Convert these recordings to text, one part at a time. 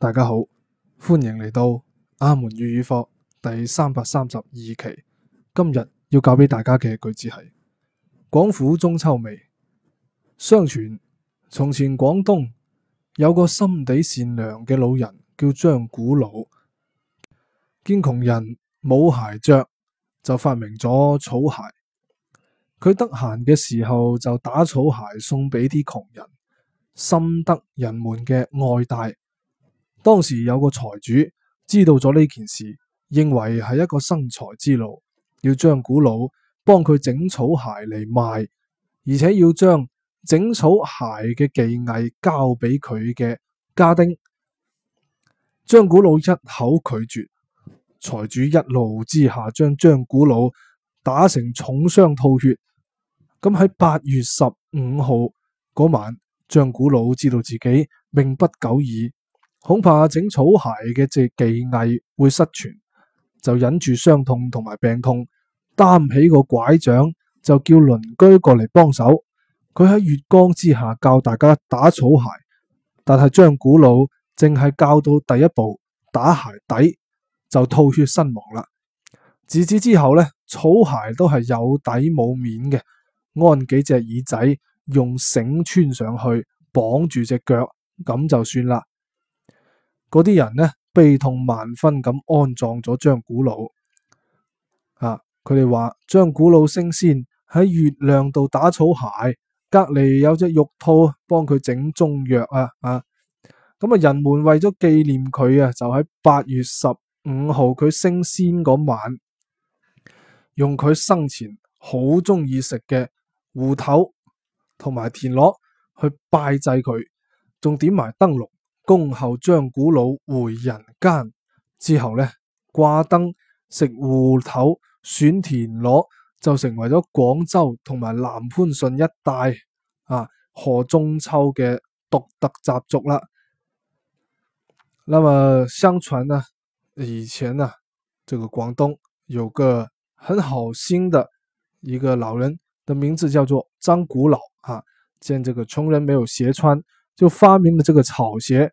大家好，歡迎嚟到阿門粵語課第三百三十二期。今日要教俾大家嘅句子係：廣府中秋味。相傳從前廣東，有個心地善良嘅老人，叫張古老，見窮人冇鞋着，就發明咗草鞋。佢得閒嘅時候就打草鞋送俾啲窮人，深得人們嘅愛戴。當時有個財主知道咗呢件事，認為係一個生財之路，要張古老幫佢整草鞋嚟賣，而且要將整草鞋嘅技藝交俾佢嘅家丁。張古老一口拒絕，財主一怒之下將張古老打成重傷吐血。咁喺八月十五號嗰晚，張古老知道自己命不久矣。恐怕整草鞋嘅只技藝會失傳，就忍住傷痛同埋病痛，擔起個拐杖，就叫鄰居過嚟幫手。佢喺月光之下教大家打草鞋，但係張古老淨係教到第一步打鞋底，就吐血身亡啦。自此之後咧，草鞋都係有底冇面嘅，安幾隻耳仔，用繩穿上去綁住隻腳咁就算啦。嗰啲人呢，悲痛萬分咁安葬咗張古老啊！佢哋話張古老升仙喺月亮度打草鞋，隔籬有隻玉兔幫佢整中藥啊！啊，咁啊，人們為咗紀念佢啊，就喺八月十五號佢升仙嗰晚，用佢生前好鍾意食嘅芋頭同埋田螺去拜祭佢，仲點埋燈籠。恭候張古老回人間之後呢，掛燈、食芋頭、選田螺就成為咗廣州同埋南番順一帶啊，河中秋嘅獨特習俗啦。那麼相傳呢、啊，以前呢、啊，這個廣東有個很好心的一個老人，的名字叫做張古老啊，見這個窮人沒有鞋穿，就發明咗這個草鞋。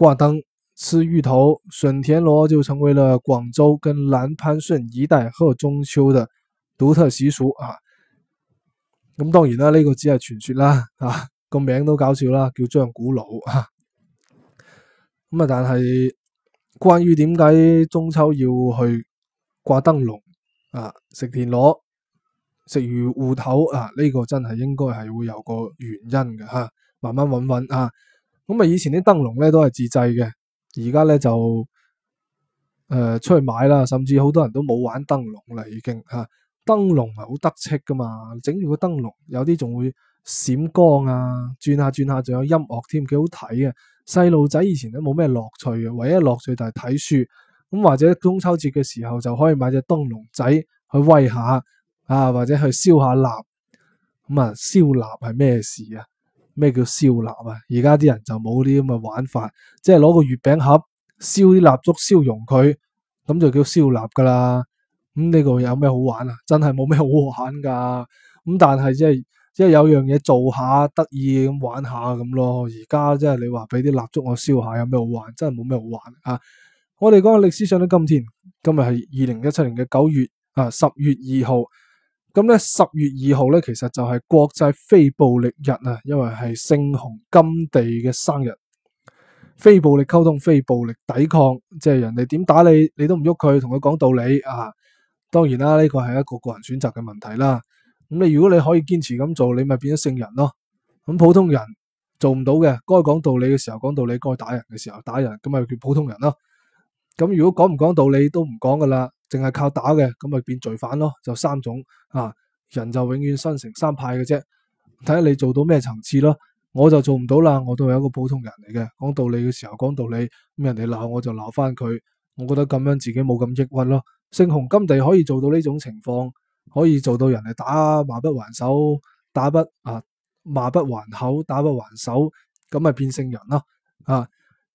掛燈、吃芋頭、筍田螺就成為了廣州跟南番順一帶賀中秋的獨特習俗啊！咁、啊嗯、當然啦，呢、這個只係傳說啦，啊個名都搞笑啦，叫張古老啊！咁、嗯、啊，但係關於點解中秋要去掛燈籠啊、食田螺、食芋芋頭啊，呢、這個真係應該係會有個原因嘅吓、啊，慢慢搵搵啊。咁啊，以前啲燈籠咧都係自製嘅，而家咧就誒、呃、出去買啦，甚至好多人都冇玩燈籠啦，已經吓。燈籠係好得戚噶嘛，整住個燈籠，有啲仲會閃光啊，轉下轉下，仲有音樂添，幾好睇啊。細路仔以前都冇咩樂趣嘅，唯一樂趣就係睇書。咁、啊、或者中秋節嘅時候，就可以買隻燈籠仔去威下啊，或者去燒下蠟。咁啊，燒蠟係咩事啊？咩叫燒蠟啊？而家啲人就冇啲咁嘅玩法，即係攞個月餅盒燒啲蠟燭，燒融佢，咁就叫燒蠟噶啦。咁呢個有咩好玩啊？真係冇咩好玩噶。咁但係即係即係有樣嘢做下得意咁玩下咁咯。而家即係你話俾啲蠟燭我燒下，有咩好玩？真係冇咩好玩啊！我哋講下歷史上到今天，今日係二零一七年嘅九月啊十月二號。咁咧十月二號咧，其實就係國際非暴力日啊，因為係聖雄甘地嘅生日。非暴力溝通，非暴力抵抗，即係人哋點打你，你都唔喐佢，同佢講道理啊。當然啦，呢個係一個個人選擇嘅問題啦。咁你如果你可以堅持咁做，你咪變咗聖人咯。咁普通人做唔到嘅，該講道理嘅時候講道理，該打人嘅時候打人，咁咪叫普通人咯。咁如果講唔講道理都唔講噶啦。淨係靠打嘅，咁咪變罪犯咯，就三種啊，人就永遠生成三派嘅啫，睇下你做到咩層次咯，我就做唔到啦，我都係一個普通人嚟嘅，講道理嘅時候講道理，咁人哋鬧我就鬧翻佢，我覺得咁樣自己冇咁抑鬱咯。聖雄甘地可以做到呢種情況，可以做到人哋打罵不還手，打不啊罵不還口，打不還手，咁咪變聖人咯，啊，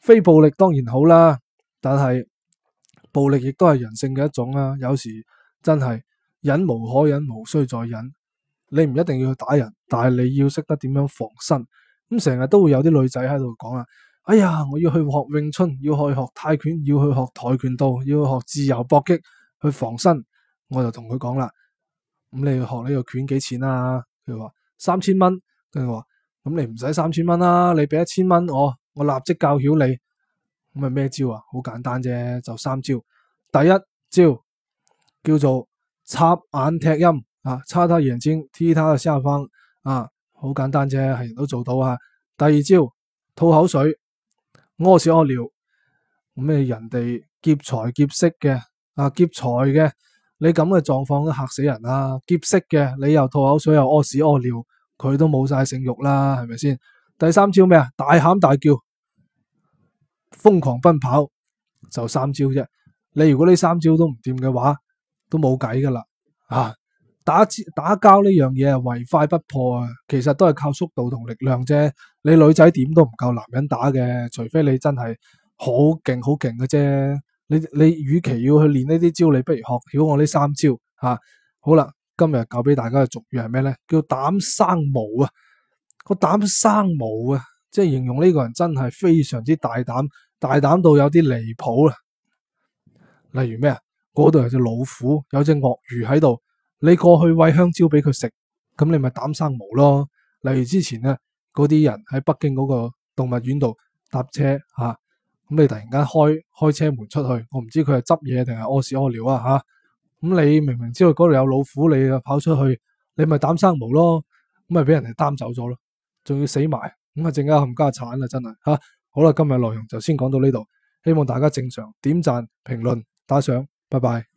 非暴力當然好啦，但係。暴力亦都係人性嘅一種啦、啊，有時真係忍無可忍，無需再忍。你唔一定要去打人，但係你要識得點樣防身。咁成日都會有啲女仔喺度講啊：「哎呀，我要去學詠春，要去學泰拳，要去學跆拳道，要去學自由搏擊，去防身。」我就同佢講啦，咁、嗯、你要學呢個拳幾錢啊？佢話三千蚊，跟住我話，咁、嗯、你唔使三千蚊啦，你俾一千蚊我，我立即教曉你。咁係咩招啊？好簡單啫，就三招。第一招叫做插眼踢陰啊，叉他眼睛，踢他嘅下方。啊，好、啊、簡單啫，係人都做到啊。第二招吐口水，屙屎屙尿，咁、啊、咩人哋劫財劫色嘅啊，劫財嘅，你咁嘅狀況都嚇死人啦！劫色嘅，你又吐口水又屙屎屙尿，佢都冇晒性慾啦，係咪先？第三招咩啊？大喊大叫。瘋狂奔跑就三招啫，你如果呢三招都唔掂嘅話，都冇計噶啦啊！打打交呢樣嘢係唯快不破啊，其實都係靠速度同力量啫。你女仔點都唔夠男人打嘅，除非你真係好勁好勁嘅啫。你你與其要去練呢啲招，你不如學曉我呢三招啊。好啦，今日教俾大家嘅俗語係咩咧？叫膽生毛啊，個膽生毛啊！即係形容呢個人真係非常之大膽，大膽到有啲離譜啦。例如咩啊，嗰度有隻老虎，有隻鱷魚喺度，你過去餵香蕉俾佢食，咁你咪膽生毛咯。例如之前咧，嗰啲人喺北京嗰個動物園度搭車吓，咁、啊、你突然間開開車門出去，我唔知佢係執嘢定係屙屎屙尿啊吓，咁、啊、你明明知道嗰度有老虎，你啊跑出去，你咪膽生毛咯，咁咪俾人哋擔走咗咯，仲要死埋。咁啊，淨係冚家鏟啦，真係。好啦，今日內容就先講到呢度，希望大家正常點讚、評論、打賞。拜拜。